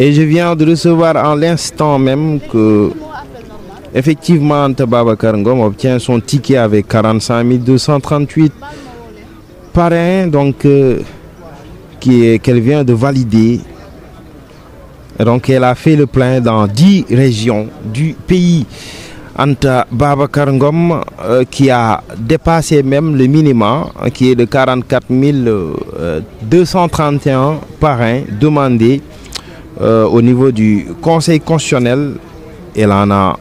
Et je viens de recevoir en l'instant même que effectivement Tababa Karangom obtient son ticket avec 45 238 parrains donc euh, qu'elle vient de valider. Donc elle a fait le plein dans 10 régions du pays. Anta Babacar Ngom euh, qui a dépassé même le minimum euh, qui est de 44 231 euh, parrains demandés au niveau du Conseil constitutionnel. Elle en a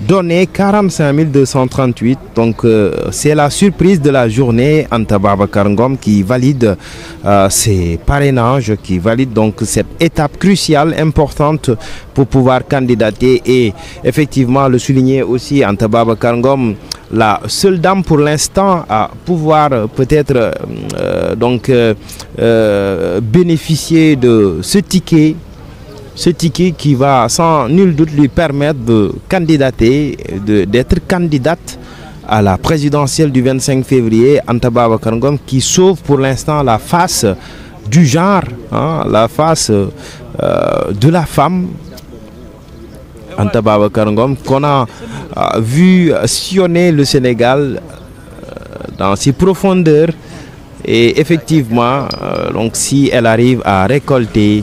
donné 45 238. Donc euh, c'est la surprise de la journée Antababa karangom qui valide ses euh, ces parrainages, qui valide donc cette étape cruciale, importante pour pouvoir candidater et effectivement le souligner aussi Antababa karangom la seule dame pour l'instant à pouvoir peut-être euh, donc bénéficier de ce ticket ce ticket qui va sans nul doute lui permettre de candidater, d'être candidate à la présidentielle du 25 février, Antababa Karangom, qui sauve pour l'instant la face du genre, hein, la face euh, de la femme. Antababa Karangom, qu'on a euh, vu sillonner le Sénégal euh, dans ses profondeurs. Et effectivement, donc si elle arrive à récolter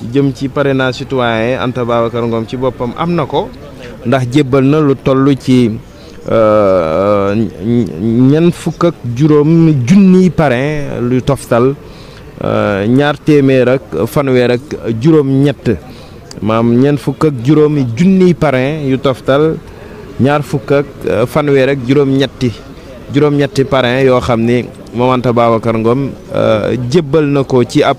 jëm ci pare na citoyen Anta Babacar Ngom ci boppam am na ko ndax jébbal na lu toll ci euh, euh, ñeent fukk ak juróom junniy parrain lu toftal euh, ñaar téeméer ak fanweer ak juróom-ñett maam ñeent fukk ak junniy parrain yu toftal ñaar fukk ak ak juróom-ñetti juróom-ñetti parrain yoo xam ni moom Anta Babacar Ngom jébbal na ko ci ab.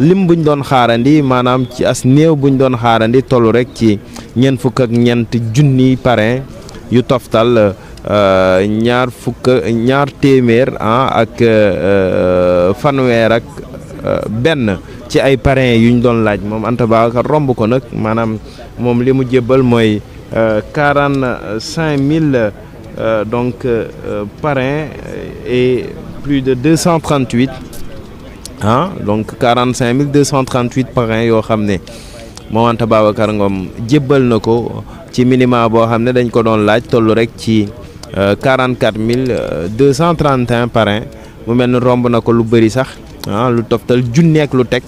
lim buñ doon xaarandi maanaam ci as néew buñ doon xaarandi toll rek ci je fukk ak ñeent junni yu toftal euh, ñaar ñaar ah, ak euh, euh, fanweer ak benn ci ay light, yuñ doon laaj moom Anta ko donc parrain et plus de 238 ah donc 45 238 parrains yoo xam ne Mame Anta Babacar Ngom jébbal na ko ci minima boo xam ne dañ ko doon laaj tollu rek ci 44 euh, 231 parrains mu mel ni romb na ko lu bëri sax ah lu toftal junneek lu teg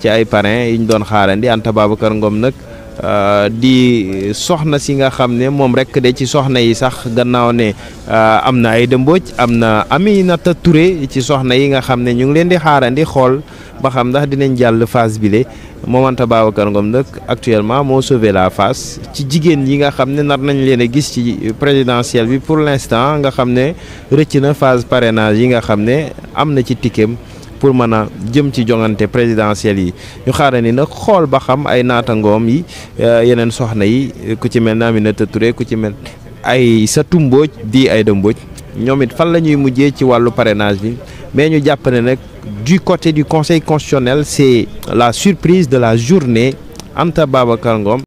ci ay parrains yi ñu doon xaarandi Anta Babacar Ngom nag. Euh, di soxna si nga xam ne moom rek de ci soxna yi sax gannaaw ne euh, am na Aïda Mbodj am na Aminata Touré ci soxna yi nga xam ne ñu ngi leen di xaarandi xool ba xam ndax dinañ jàll phase bile Mame Anta Babacar Ngom ndëkk actuellement moo sauvé la face ci jigéen yi nga xam ne nar nañ leen a gis ci présidentielle bi pour l'instant nga xam ne rëcc na phase parrainage yi nga xam ne am na ci tikkeem pour mën a jëm ci joŋante présidentielle yi ñu xaaree ni nag xool ba xam ay naatangoom yi euh, yeneen soxna yi ku ci mel ne Aminata Touré ku ci mel ay sa Mbodj di Aïda Mbodj ñoom it fan la ñuy mujjee ci wàllu parrainage bi mais ñu jàpp nag du côté du conseil constitutionnel c'est la surprise de la journée Anta Babacar Ngom